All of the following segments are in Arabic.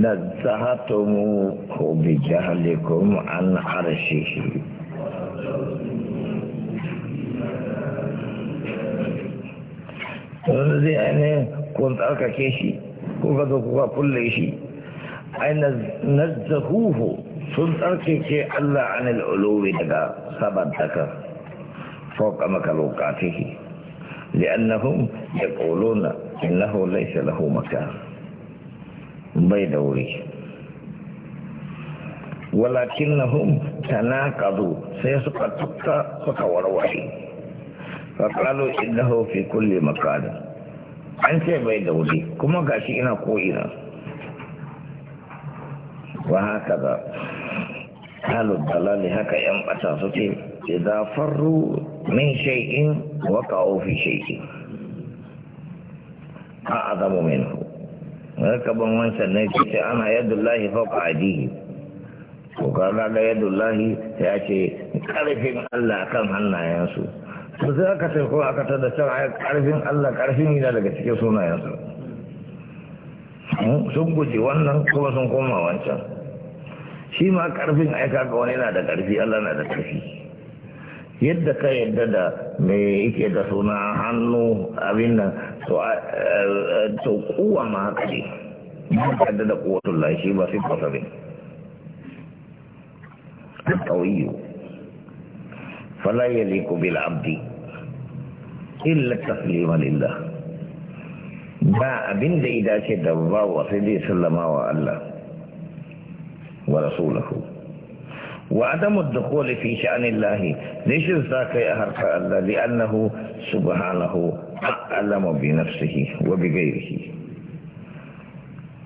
نزهتموه بجهلكم عن عرشه يعني كنت أركا كيشي كنت أركا كل شيء أي نزهوه كنت أركا كي الله عن العلوم دكا سبب دكا فوق مكالوكاته لأنهم يقولون إنه ليس له مكان bai da wuri walakin na hun kadu. sai suka tukka suka warware kalu inda haufi kulle makada an ce bai da wuri kuma gashi ina ko'ina wa haka ba halin dalali haka yan bata suke idan farru min shai'in waka ofi shai'in a azamu minhu kaban wancan ne ce ana yadullahi fauka adihi to kaga da yadullahi ya ce karfin Allah kan hannayensu to sai aka ce ko aka tada can ai karfin Allah karfin yana daga cikin sunayensu hmm, sun guji wannan kuma sun koma wancan shi ma karfin ai kaga wani na da karfi Allah na da karfi yadda ka yadda da me yake da suna hannu abin nan to to kuwa ma haka ne yadda da kuwatun lashe ba sai kwasa ne kawiyu fala ku bil abdi illa taslima lillah ba abin da ya dace da bawa sai zai sallama wa Allah wa rasulahu وعدم الدخول في شأن الله ليش ذاك أهرك الله لأنه سبحانه أعلم بنفسه وبغيره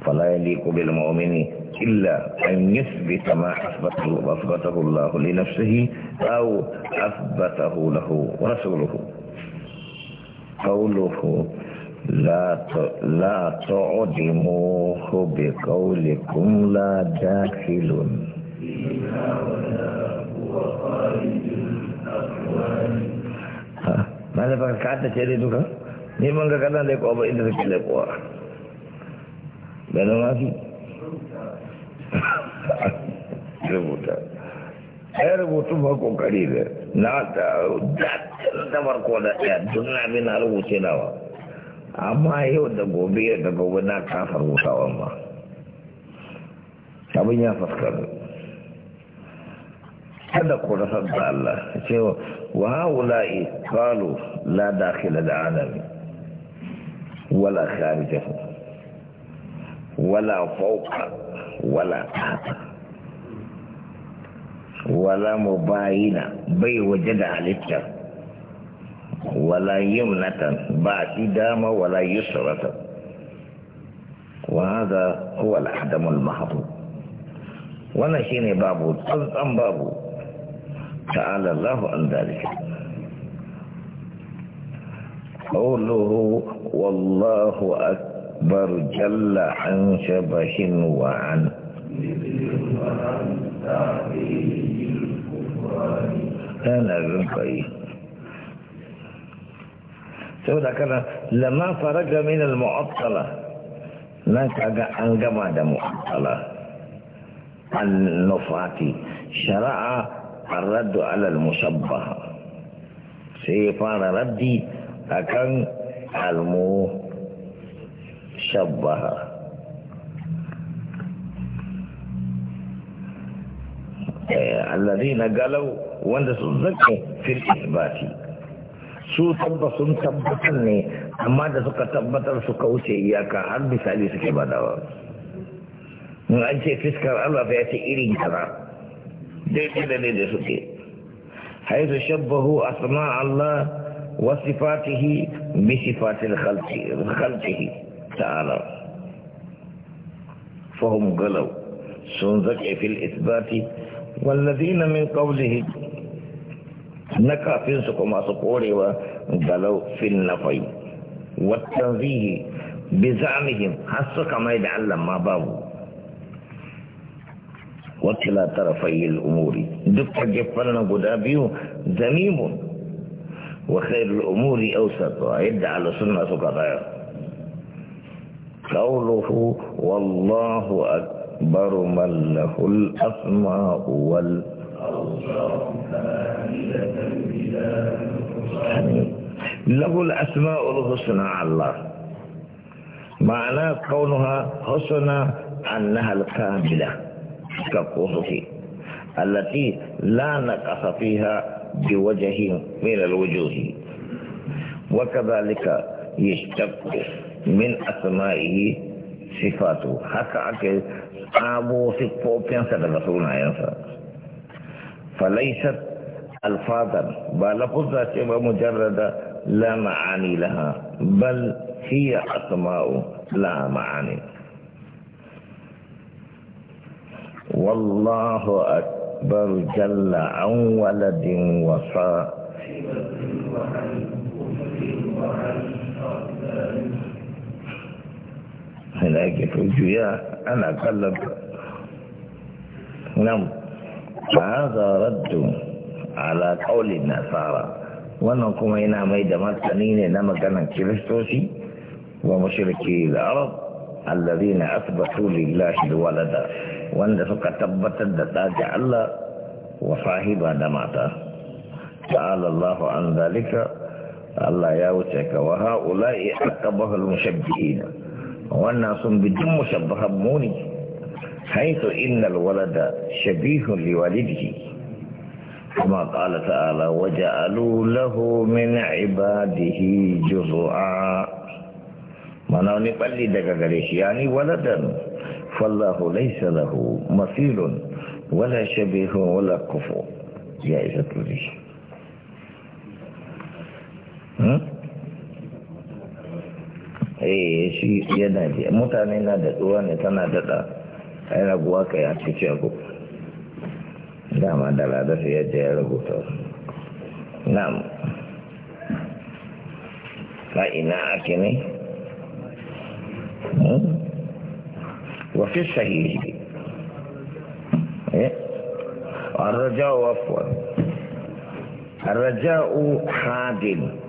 فلا يليق بالمؤمن إلا أن يثبت ما أثبته, الله لنفسه أو أثبته له ورسوله قوله لا لا تعدموه بقولكم لا داخل Mana pakai kata ciri itu kan? Ni mangga kata lek apa itu lek lek apa? Belum lagi. Rubuta. Eh rubutu ba ko kari da. Na ta da da war ko na ya dunna rubuce dawa. Amma yau da gobe da gobe na kafa wutawan ba. Abin ya fuskar. وهؤلاء قالوا لا داخل العالم ولا خارجه ولا فوق ولا تحت ولا مباينة بي وجد عليك ولا يمنة بعد إدامة ولا يسرة وهذا هو الأحدم المحض ونشيني بابو تنظم بابو تعالى الله عن ذلك قوله والله أكبر جل عن شبه وعن أنا ذنبي سوف كان لما فرج من المعطلة نكاد أنجم هذا معطلة النفاتي شرع arraddu alal musabba sai ya fara raddi a kan almu shabbaha eh, allari na galau wanda sun zaƙe filin bati su tabba sun tabbatar ne amma da suka tabbatar su kauce iyaka har misali suke ba da wa an ce fiskar allah ya ce irin kaza دیکھے حيث شبهوا أسماء الله وصفاته بصفات خلقه تعالى فهم غلوا سنزك في الإثبات والذين من قوله نكا في سكما سقوري وغلوا في النفي والتنزيه بزعمهم حسك ما يدعلم ما بابه وكلا طرفي الأمور دكا جفلنا قدابيو زميم وخير الأمور أوسط عد على سنة سكتايا قوله والله أكبر من له الأسماء وال له الأسماء الحسنى الله معناه كونها حسنى أنها الكاملة كقصص التي لا نقص فيها بوجه من الوجوه وكذلك يشتق من أسمائه صفاته حكى أبو سفوبين سنبسونا ينسى فليست ألفاظا بل مجرد لا معاني لها بل هي أسماء لا معاني والله أكبر جل عن ولد وصا هناك في الجياع أنا أتكلم نعم فهذا رد على قول النصارى wannan kuma yana mai da martani ne na maganar kiristoci wa mashirki da arab allazina athbathu lillahi walada wanda suka tabbatar da daji Allah wa sahiba da mata ta'ala Allah an zalika Allah ya wuce ka wa haula'i aqbahul mushabbihin wannan sun bi duk mushabbahan muni haitu innal walada shabihu liwalidihi كما قال تعالى وجعلوا له من عباده جزءا مناوني بلي دكا غريش يعني ولدا فالله ليس له مثيل ولا شبيه ولا كفو يا عزت الريش ايه شيء يا نادي موتا نينا دت وانا تانا دتا انا بواكا يا تشاكو دام عندنا دت يا جيرو بوتو نعم فإن أكني وفي الصحيح الرجاء عفوا الرجاء حادل